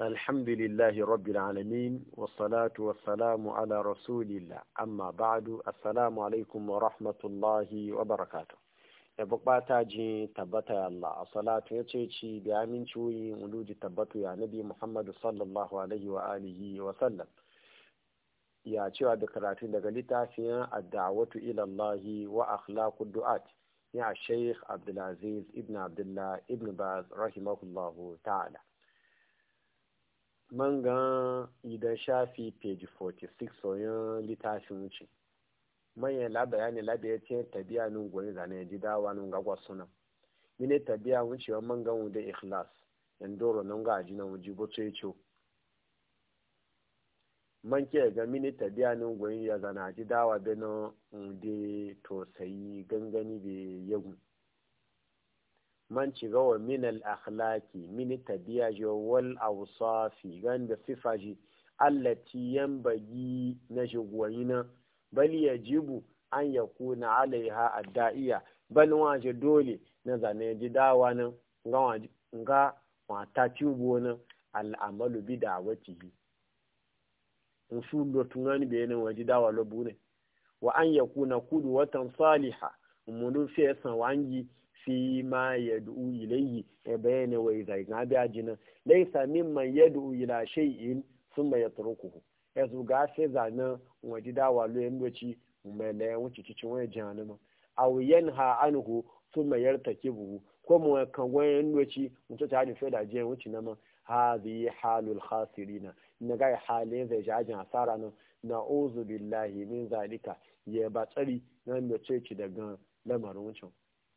الحمد لله رب العالمين والصلاة والسلام على رسول الله أما بعد السلام عليكم ورحمة الله وبركاته يبقى تاجي تبتا الله الصلاة يتشي بأمين شوي ولود تبتو يا نبي محمد صلى الله عليه وآله وسلم يا شوى بكراتين دقلتا في الدعوة إلى الله وأخلاق الدعاة يا الشيخ عبد العزيز ابن عبد الله ابن باز رحمه الله تعالى man gan idan shafi page 46 soyin littafin wuce manyan labaya ne labaya ce tabiya nun gwani zane ji dawa nun gagwa suna mine tabiya wucewa man gan wuda ikhlas yan doro nun ga ajina wuji boto ya ce man ke ga mine tabiya nun gwani ya zana ji dawa nun wude to sayi gangani bai yagun man ci gawa min al-akhlaqi min tabiya jo wal awsafi gan da sifaji allati yanbagi na shugwayina bal yajibu an yakuna alaiha adda'iya bal waje dole na zane ji dawa nan ga ga mata tubo nan al'amalu bi da'awatihi in su lotungani bayanin waje dawa lobu ne wa an yakuna kudu watan saliha mun fi san wangi fi ma yad'u ilayhi e bayyana wa idza na bi ajina laysa mimman yad'u ila shay'in thumma yatrukuhu e ga se zana waji dawa lo yin doci mele wuci cikin wani jahannama aw yanha anhu thumma yartakibuhu ko mu kan wani doci mutu ta fe da je wuci ma hadhi halul khasirina na ga halin zai ajin asara na na'uzu billahi min zalika ya ba tsari nan da ce ki daga lamarin wucin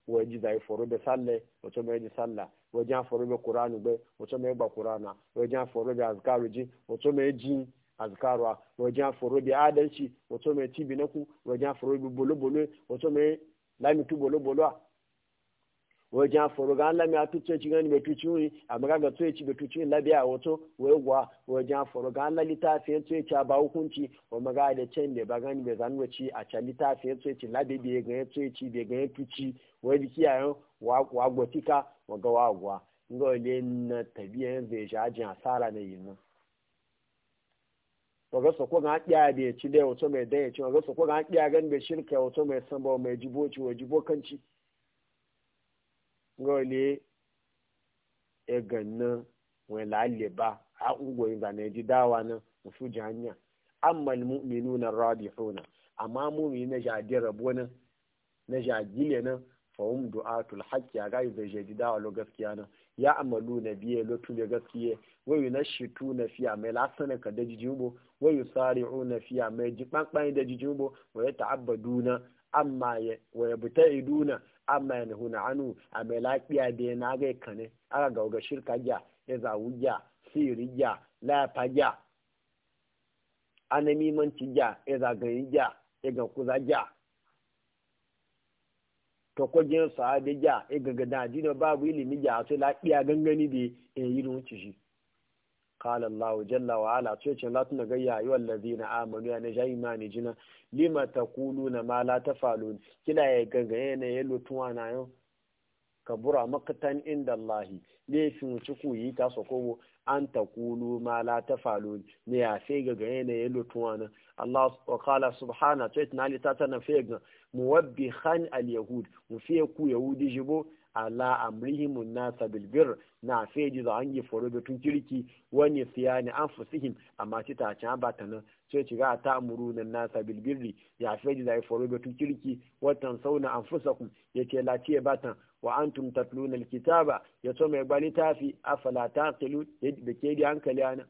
waje da ya foro da salle wace mai ji salla waje ya foro da kuranu gbe wace mai ba kurana waje ya foro da azkaru ji wace mai ji azkaruwa waje ya foro da adalci wace mai tibi na ku waje ya foro da bolobolo wace mai lamitu bolobolo wajen foro ga Allah ya tuce ci gani bai a wuri echi ga ga tuce bai tuce wato wee gwa ji foro ga Allah litafi tuce ci ba hukunci wa maga da can da ba gani a can litafi tuce ci labi bai ga wee ci bai ga tuce wa gwa ngo le na tabiyan zai jajin asara ne yin nan waga su kuma ɗiya da ya ci da ya wato mai dan ya ngole e ganna wai ba a ungoyin ba na ji dawa na musu ji mu amma mu'minu na radihuna amma mu'mini na jadi rabo na na jagile na fahim du'atul haqqi a gaji zai di dawa lo gaskiya na ya amalu na biye lo tule gaskiya wayu na shitu na fiya mai lasana ka da jijimbo wayu sari'u na fiya mai ji da jijimbo wayu ta'abbaduna amma wayu buta'iduna amma yana anu a mai lafiya da aga naga aga ga gauga shirka ja ya zawu ja siri ja lafa ja anamimanci ja ya zagayi ja ya ga kuza ja to ko jin sahabi ja ya gaga da babu ilimi ja sai lafiya gangani da ya yi shi قال الله جل وعلا تشين لا تنغيا ايها الذين امنوا يعني جاي ما نجنا لما تقولون ما لا تفعلون كلا يغغي ne yelo tuwana yo kabura maqtan inda Allah ne shin ciku yi ta soko an taqulu ma la tafalun ne ya sai gaga ne yelo tuwana Allah qala subhana to itna li ta tana fega muwabbihan al yahud mu fiye ku yahudi jibo ala amrihim nasa bil bir na feji za an yi foro da tun kirki wani siyani an fusihim amma shi ta can ba ta nan sai ci ga ta amuru na nasa bil birri ya feji za yi foro da tun kirki watan sauna an ku ya ce lafiya ba ta wa antum tatluna al kitaba ya so mai gbali tafi afala taqilu da ke di hankali ana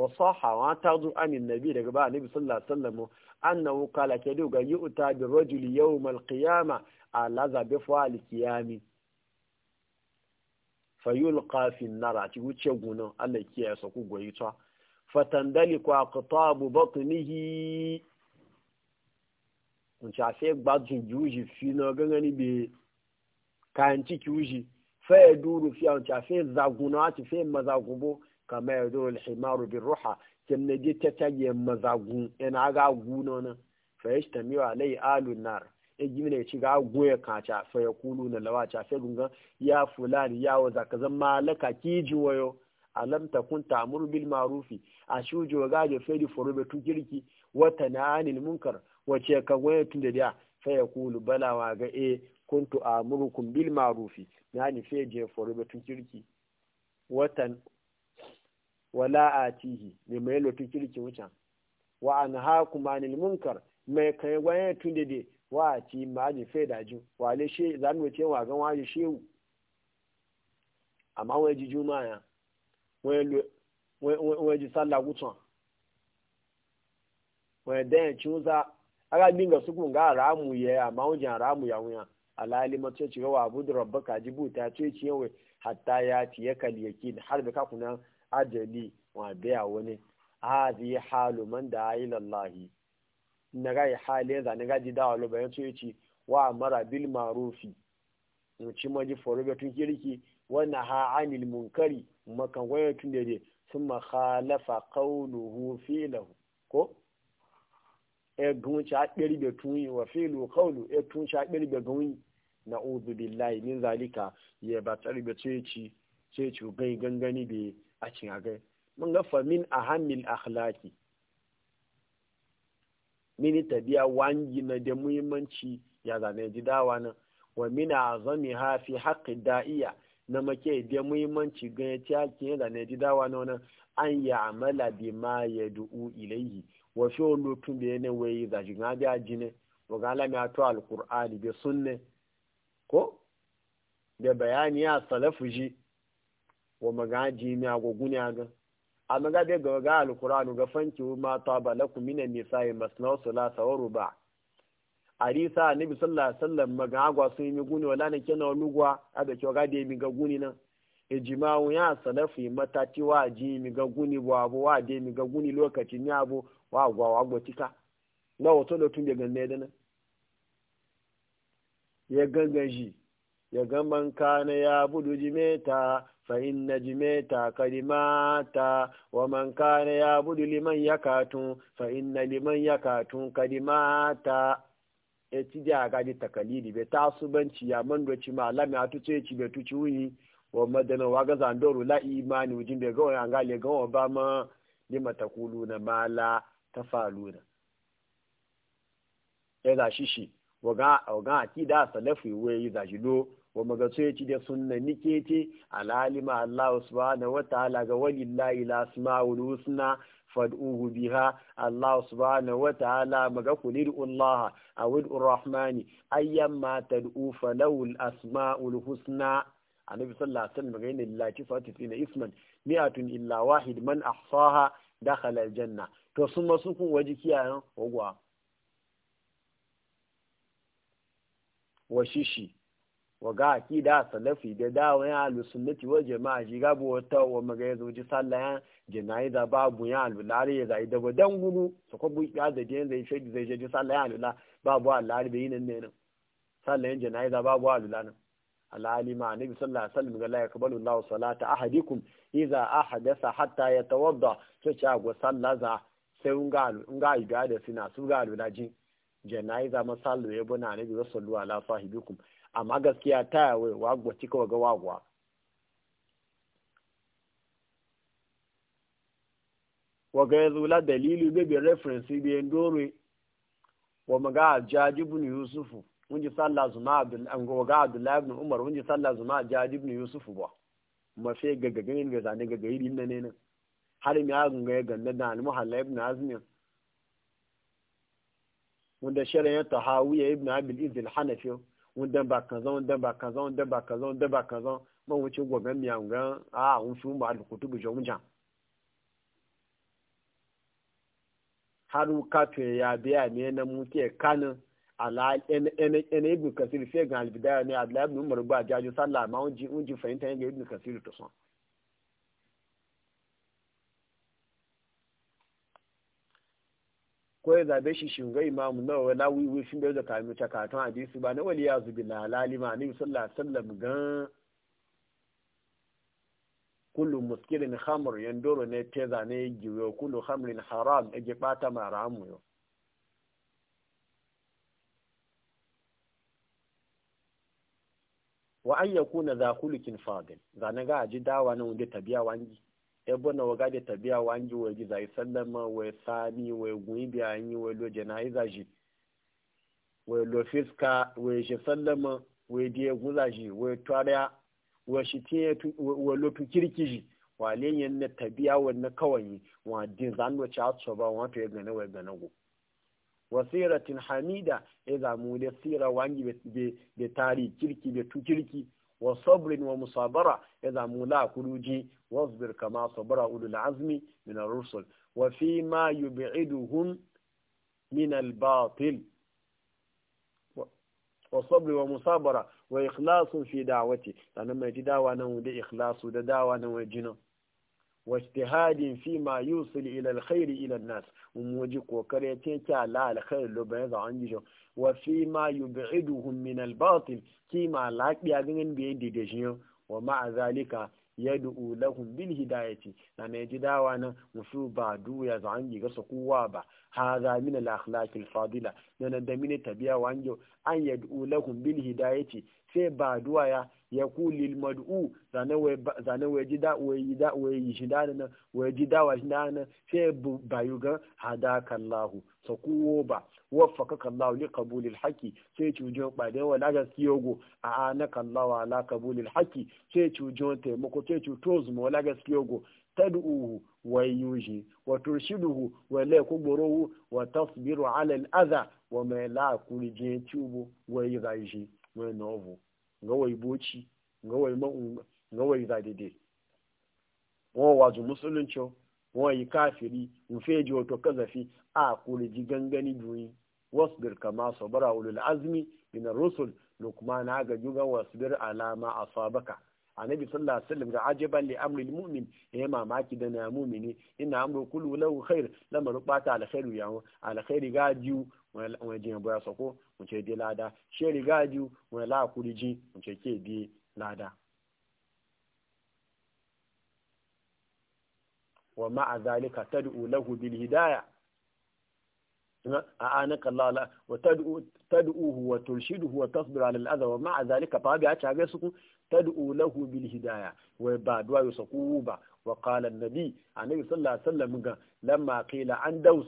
wa sahawa ta zo an nabi daga ba nabi sallallahu alaihi wasallam annahu qala kadu ga yu'ta bi rajuli yawm al-qiyama ala zabi fa al-qiyami fayulqa fi nara ti wuce Allah ku goyi aqtabu batnihi afe gbadun juji fi na gangani be ya fiya ati fe mazagubo kama ya zo alhimaru bin ruha kin na je ta tage mazagu ina ga guno na fa yashtami wa alai alun nar e ji ne ci ga goye kaca fa ya kulu na lawaca fa gunga ya fulani ya waza ka malaka ki ji wayo alam ta amuru bil ma'rufi a shujo ga je fa di forobe tu kirki na anil munkar wace ka goye tun da dia fa ya kulu balawa ga e kuntu amurukum bil ma'rufi yani fa je forobe tu kirki watan wala atihi ne mai lotu kirki wucan wa an ha kuma nil munkar mai kai waye tun de wa a ma ji fe da ji wa le she za mu ce wa gan wa ji shehu amma wai ji juma ya wai ji sallah wucan wai da ya za aga dinga su kun ga ramu ya amma wajen ramu ya wuya alali mace ce wa abu da rabbaka jibuta ce ci yawai hatta ya ci ya kal yakin har da ka kuna ajali wa biya wani hazi halu man da yi lallahi na ga hali za ni gaji da walo bayan so yace wa mara bil marufi mu ci maji foro ga tun kirki wannan ha anil munkari makan waya tun da sun ma khalafa qawluhu filahu ko e gun ci akperi da tun yi wa filu qawlu e tun ci akperi da gun yi na'udhu billahi min zalika ya ba tsari ba ce ci ce ci gangani be a cin agai mun ga famin a hamil akhlaki mini biya wangi na da muhimmanci ya zane ji dawa nan wa mini azami ha fi haƙi da'iya na make da muhimmanci ga ya ci haƙi ya zane ji dawa nan wani an ya amala bi ma ya du'u ilayhi wa fi olotun da na wayi zaji na biya jine wa ga alami a to alƙur'ani bi sunne ko da bayani ya salafu ji wa magaji mi agoguni gan. a ga bai ga ga alqur'anu ga fanki ma ta balakum min nisa'i masna salasa wa ruba arisa nabi sallallahu alaihi wasallam maga agwa sun yi guni wala ne kenan lugwa aga kyo ga de mi ga guni nan ijma'u ya salafi matati wa ji mi ga guni bo abu wa de mi ga guni lokaci ni abu wa agwa wa gbotika na wato da tun daga ne dana. ya gangaji shi ya man kana ya buduji meta فإن نجميت كلمات ومن كان يعبد لمن يكاتون فإن لمن يكاتون كلمات etidi aga di takalidi be ta subanci ya mando ci malami a tuce ci be tuci wuyi wa madana wa ga zandoro la imani wujin be ga wani ngale ga wa ba ma lima takuluna mala tafaluna ya za shishi wa ga wa ga akida salafi we yi za shi lo wa magasoyaci da sunna nike ce al'alima Allah subhanahu wa ta'ala ga walillahi la asma'ul husna fad'uhu biha Allah subhanahu wa ta'ala maga kulir Allah awid urrahmani ayyamma tad'u falawul asma'ul husna annabi sallallahu alaihi wasallam gaina lillahi fatina isman mi'atun illa wahid man ahsaha dakhala aljanna to kun kiyayen ogwa waga akida salafi da dawo ya alu sunnati wa jama'a ji gabu wata wa maga ya zoji sallah ya jinayi da babu ya alu lare ya zai da dan gudu su ko bu ya da den zai shi zai ji sallah ya alu la babu alari lare bai nan ne nan sallah ya jinayi da babu alu la nan alali ma nabi sallallahu alaihi wasallam ga la yakbalu allah salata ahadikum idza ahadasa hatta yatawadda to cha go sallah za sai unga unga ibada sina su ga alu la jin masallu ya nabi sallallahu alaihi wasallam amma gaskiya ta yawe wagwa cika ga wagwa waga ya zula dalilu bi referensi bi ndore wa maga ajaji ibn yusufu wunji sallah zuma abdul an waga abdullahi ibn umar wunji sallah zuma ajaji ibn yusufu ba mafi gagagin ga zane gagayiri nan ne nan har ya azun ya ganda da al-muhalla ibn azmi wanda shari'a tahawiyya ibn abil izil hanafi wundan ba kazan wundan ba kazan wundan ba kazan wundan ba kazan man wuce gwagan gan a un fi mu alkutu bu jan wujan haru katwe ya biya ne na muke kanin ala ene ibn kasir fe gan albidaya ne abdullahi ibn umar ba la sallah ma unji unji fahimta yanga ibn kasir to son ko ya zabe shi shinga imamu na wala wiwi shin bai da kamin ta katon hadisi ba na wali ya zubi lalali ma annabi sallallahu alaihi wasallam kullu muskirin khamr yandoro ne teza ne giwe kullu khamrin haram e bata maramu yo wa an yakuna za kulukin fadil zanaga aji dawa na wanda tabiya wangi ebo na waga da tabiya wangi wai ji zai sallama wai sani wai gumi biya yi wai lo janaiza ji wai lo fiska wai shi sallama wai diye guza shi wai tuwariya wai shi tiye wai lo kirki shi wale yin na tabiya wanne kawai wa din zan lo ci atso ba wato ya gane wai gane go wasiratin hamida ya zamu da sira wangi be tari kirki be tu kirki wa sabrin wa musabara ya zamu la kuruji واصبر كما صبر أولو العزم من الرسل وفيما يبعدهم من الباطل وصبر ومصابرة وإخلاص في دعوته لأنما يجي دعوة نوم دي إخلاص ودى دعوة نوم جنة واجتهاد فيما يوصل إلى الخير إلى الناس وموجق وكريتين لا الخير لو بيضا عن جيجو وفيما يبعدهم من الباطل كيما لاك بيغنين بيدي دجيو ومع ذلك yad'u lahum bil hidayati dan ji dawa nan musu ba duya za an yi ga su kowa ba hadha min al akhlaqil fadila nan da mine tabiya wanjo an yad'u lahum bil hidayati sai ba duwa ya ya ku lil mad'u zane wa ji da wa yi da shi da nan wa ji da wa shi da nan sai ba yu ga hadaka Allah sa kuwo ba waffaka Allah li qabulil haqi sai cujo ba da wala ga a a kan Allah ala qabulil haqi sai cujo taimako sai cuto zuma wala ga kiyogo tad'uhu wa yuji wa turshiduhu wa la yakburuhu wa tasbiru ala al adha wa ma la kulji tubu wa yaji mai novo ngawai boci ngawai ma'un ngawai um, zadide wọn wazu musulunci wọn yi kafiri nfe ji wato kazafi a kuriji gangani duni wasbir kama sabara ulul azmi min rusul lukman ga juga wasbir alama asabaka annabi sallallahu alaihi wasallam da ajaban li amri almu'min ya mamaki da na mu'mini ina amru kullu lahu khair lamar bata alkhairu yawo alkhairi ga jiu wọn jiyan bọ́yá sọ pé ṣe dé ládàá ṣé rigaaju wọn láàkúrí jí wọn ṣe ké dé ládàá. wọ́n máa hidaya a ana kallala wa tad'u tad'u huwa turshidu huwa tasbiru ala al'adha wa ma'a zalika fa bi acha suku tad'u lahu hidaya wai ba du'a yusaku ba wa ga lamma qila an daus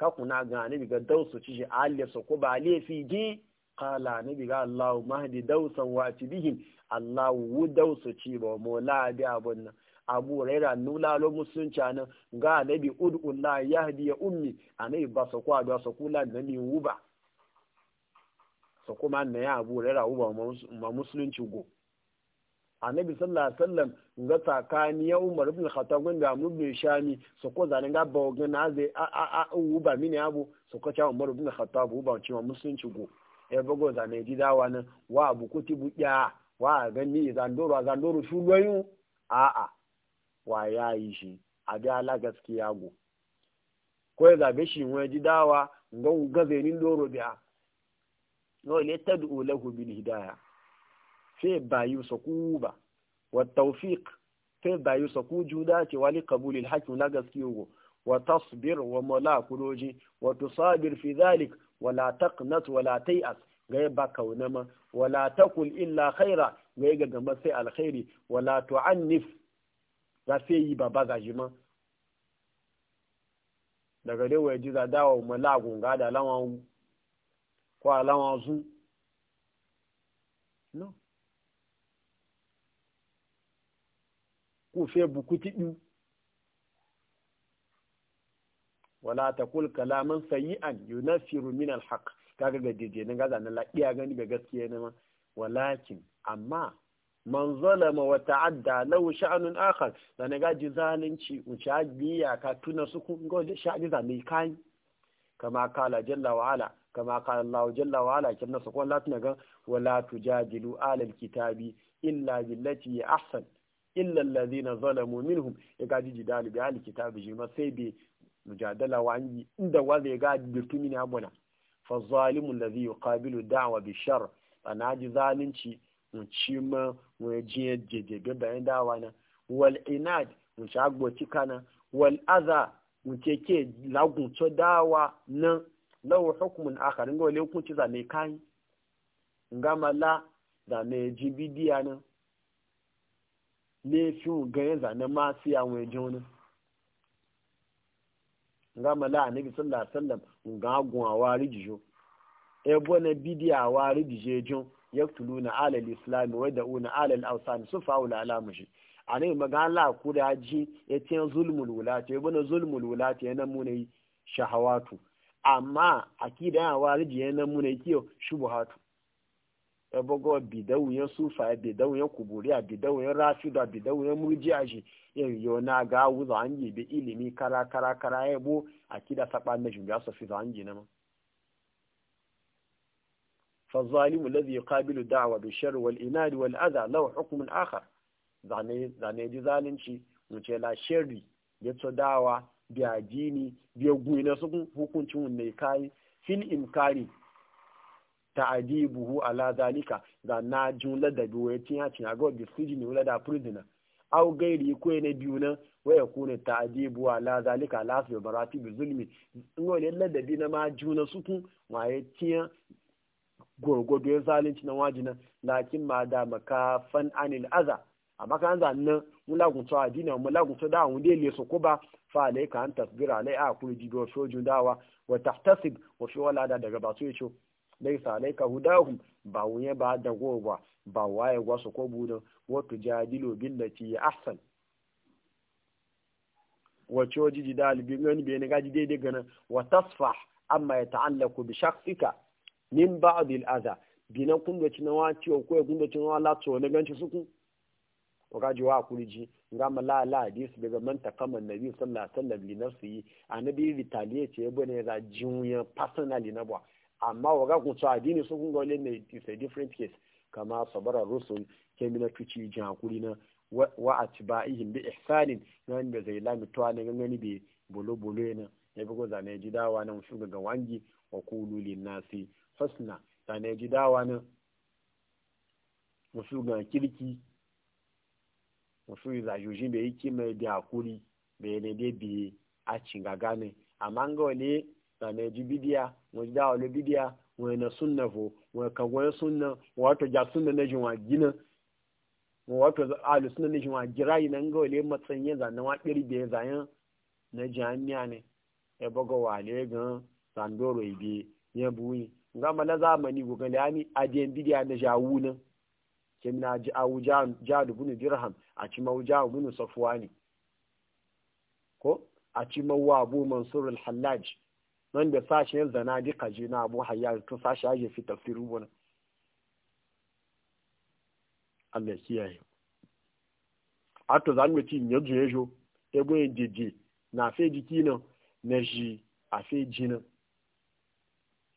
ka kuna ga annabi ga dausu ci shi aliya su ko ba laifi ji qala annabi ga Allah mahdi dausan wa bihin Allah wu dausu ci ba mola bi abun nan abu raira nula lo musunci nan ga annabi udullah yahdi ya ummi ana ba su ko da su kula da wuba su kuma na ya abu raira wuba ma musulunci go annabi sallallahu alaihi wasallam ga tsakani ya umar ibn khattab ga amr ibn shami so ko zane ga ba ga na zai a a a u ba mini abu so ko cha umar ibn khattab u ba ci ma musulunci go e ba go zane di dawa nan wa abu kutibu ya wa ga ni doro zandoro shugoyin a a wa ya yi shi a ga ala gaskiya go ko ya zabe shi wani ji dawa ga ni doro biya no le tad'u lahu bil hidayah sai bayu ba wa tawfiq sai bayu saku juda ce wali qabulil haqqi na gaskiyo go wa tasbir wa malakuloji wa tusabir fi zalik wa la taqnat wa la tay'as ga ba kaunama wa la taqul illa khaira ga ga gamba sai alkhairi wa la tu'annif ga sai yi baba gajima daga dai wa ji za mala ga da lawan ko lawan zu no ku fe bukuti ɗu wala ta kul kalaman sayi'an yunasiru min alhaq kaga ga jeje nan gaza nan iya gani ga gaskiya ne ma walakin amma man zalama wa ta'adda law sha'anun akhar dan ga ji zalunci u sha biya ka tuna su ku ga da sha mai kai kama kala jalla wa ala kama kala Allah jalla wa ala kin nasu ko la tuna ga wala tujadilu alal kitabi illa billati ahsan illa allazina zalamu minhum ya gaji jidali bi ahli kitabi jima sai bi mujadala wa anji inda wa zai gaji birtumi ne abuna fa zalimu allazi yuqabilu da'wa bi shar ana zalunci mu ci ma mu je ga bayan dawa na wal inad mu sha gboci kana wal adha mu ce ke lagun to dawa nan law hukmun akhar ngo le hukunci zane kai ngamala da ne jibidiya nan laifin ga ya zane ma sai ya wani jona nga mala anabi sallallahu alaihi da nga gun awari jijo e bona bidiya awari dije jon yaktuluna ala al-islam wa yad'una ala al-awsan sufa wala a ne ma ga la kuda ji ya tiyan zulmul wulati e na zulmul wulati yana munai shahawatu amma a akida awari ji yana munai kiyo shubuhatu ebogo bidawuyen sufa bidawuyen kuburiya bidawuyen rafida bidawuyen murjiya shi yau na ga wuza an yi bi ilimi kara kara kara ya bo a kida saba na shugaba su fi zan yi nama فالظالم الذي يقابل الدعوة بالشر والإناد والأذى له حكم آخر zane ji zalunci wuce la shari ya dawa biya jini biya gwi na su hukuncin wunne kai fil imkari ta'adibuhu ala zalika da na jun ladabi wa yatin ya cin ago bi ne wala da prisoner aw gairi ko ne biyu nan ku yakuna ta'adibu ala zalika ala su barati bi zulmi ladabi na ma juna tun wa yatin gorgodo ya zalunci na wajina lakin ma da makafan anil aza amma kan mun mulagun to adina mulagun to da wunde le so ko ba fa alayka an tasbira alai a kuri jibo dawa wa tahtasib wa shi wala da daga ba su yace dai alaika hudahum ba wuye ba da goba ba waye wasu ko budan wato jadilo billati ya ahsan wacce waje ji da wani bai naga ji daidai gana wa tasfa amma ya ta'allaku bi shakhsika min ba'd al-adha bina kun ci na wace ko ya kun ci wa la to ne ganci suku to kaji wa kuliji nga mala la hadis daga man takama nabi sallallahu alaihi wasallam li nafsi annabi retaliate ce bane ra jinya personally na ba amma waga kun so addini su kun gole ne is a different case kama sabara rusul kemina tuci jin hakuri na wa atba'ihim bi ihsanin nan da zai lami to ne gangani bi bolo bolo yana ya bugo zane ji dawa nan shuga ga wangi wa qulu lin nasi husna zane ji dawa nan musu ga kirki musu yi zajojin bai yi kima da hakuri bai ne dai bi a gaga gane amma ga wani zane ji bidiya wa ji dawo bidiya wa na sunna fo wa ka wa sunna wato ja sunna na jinwa gina wato alu sunna na jinwa girai nan ga wale matsayin zanen wa ɗiri da zayen na jami'a ne ya e baga wale gan sandoro ibe ya buyi ngama na zamani go gani ani adiyan bidiya na jawu nan kemina ji wuja jadu bunu dirham a ci mawuja bunu safwani ko a ci mawwa abu mansurul al-hallaj nan da sashen zana dika je na abu hayyar to sashen aje fi tafsirin wani Allah kiyaye a to za mu ci ya zo ya zo ebo ya jeje na fe jiki nan na shi a fe jina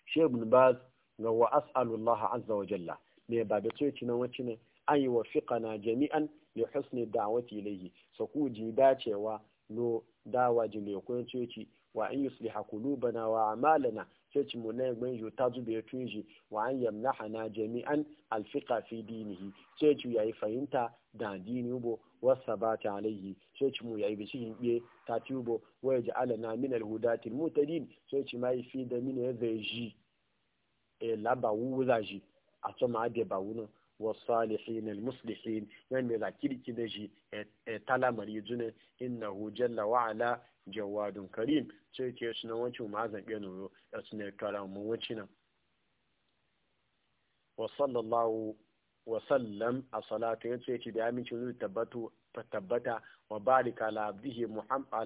shebun baz ga wa as'alullah azza wa jalla ne ba da so ci nan wacce ne an yi wafiqana jami'an ne husni da'wati ilayhi so ku ji dacewa no dawa ji le ko ci wa an yusliha qulubana wa a'malana sai mu ne gbe yo ta zube tunji wa an yamnahana jami'an alfiqa fi dinihi sai yayi fahimta da dini ubo wasabata alayhi sai mu yayi bishin biye ta ci ubo wa ja'alana min alhudati almutadin sai mai fi da min ya zai ji e eh, laba wuza ji a ma de ba wunan wasalihi na musulisi na ne za kirki da shi a e, e, talamar yi zuna ina hujjar lawa'ala jawa don karim sai suna su na wancan ma zan biya nuru da suna ne karamun wancan wasallallahu wasallam a salatu ya ce da amincin zai tabbata wa barika labdihi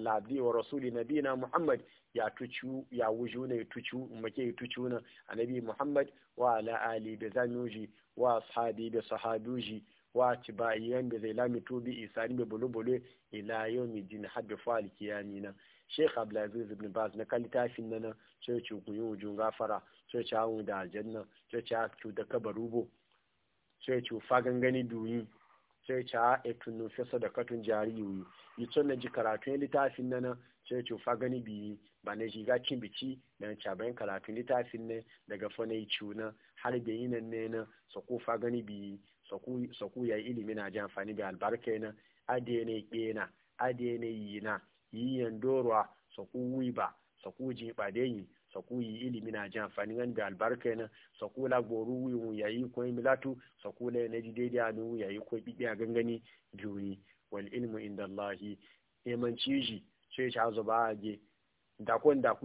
abdihi wa rasuli nabina muhammad ya tuci ya wuju ne tucu make tucu na annabi muhammad wa ala ali da zanuji wa ashabi da sahabuji wa tibayiyan da zai lami tubi isani da bulubule ila yau mai hadda fa'al kiyami sheikh abdulaziz ibn baz na kan littafin nan sai ce ku yi wujun gafara sai ce da aljanna sai ce da kabarubo sai ce fa gangani duyi sai ci a etu nufi sadakatun jariyu yi tun na ji karatun littafin na nan sai ce fa gani biyi ba na shiga cin bici da na cabayin karatun littafin ne daga fa na yi ciuna har da yi nan ne na sako fa gani biyi sako ya yi ilimi na ji amfani da albarka na adiye ne ƙena adiye ne yi na yi yan dorwa sako ba sako jiɓa da yi sakuyi yi ilimi na ji amfani gani da albarka yana saku la gboru wuyun yayi ko milatu saku la na ji daidai anu yayi ko bibi a gangani juni wal ilmu inda allahi neman ciji sai ta zo ba je da ko da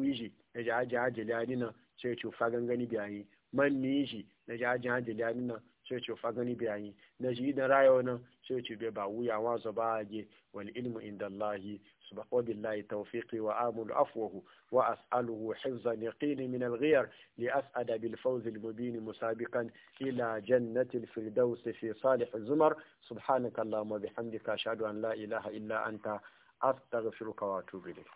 na ja aji aji lani na sai ci fa gangani biyayi man ni shi na ja aji aji lani na sai ce fa gani bayani na ji idan rayuwa nan sai ce bai ba wuya wa su ba age wal ilmu inda Allahi subhanahu wa billahi tawfiqi wa amul afwahu wa as'aluhu hifzan yaqini min al-ghiyar li as'ada bil fawz al mubin musabiqan ila jannati al firdaus fi salih zumar subhanaka allahumma bihamdika ashhadu an la ilaha illa anta astaghfiruka wa atubu ilayk